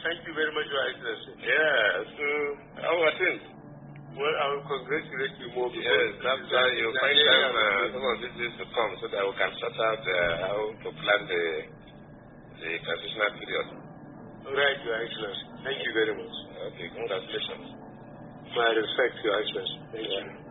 Thank you very much, Your Excellency. Yes, so I will attend. Well, I will congratulate you more. because Yes, after you find time uh, some of these things to come so that we can sort out uh, how to plan the, the transitional period. All right, Your Excellency. Thank you very much. Okay, congratulations. My respect, Your Excellency. Thank yeah. you.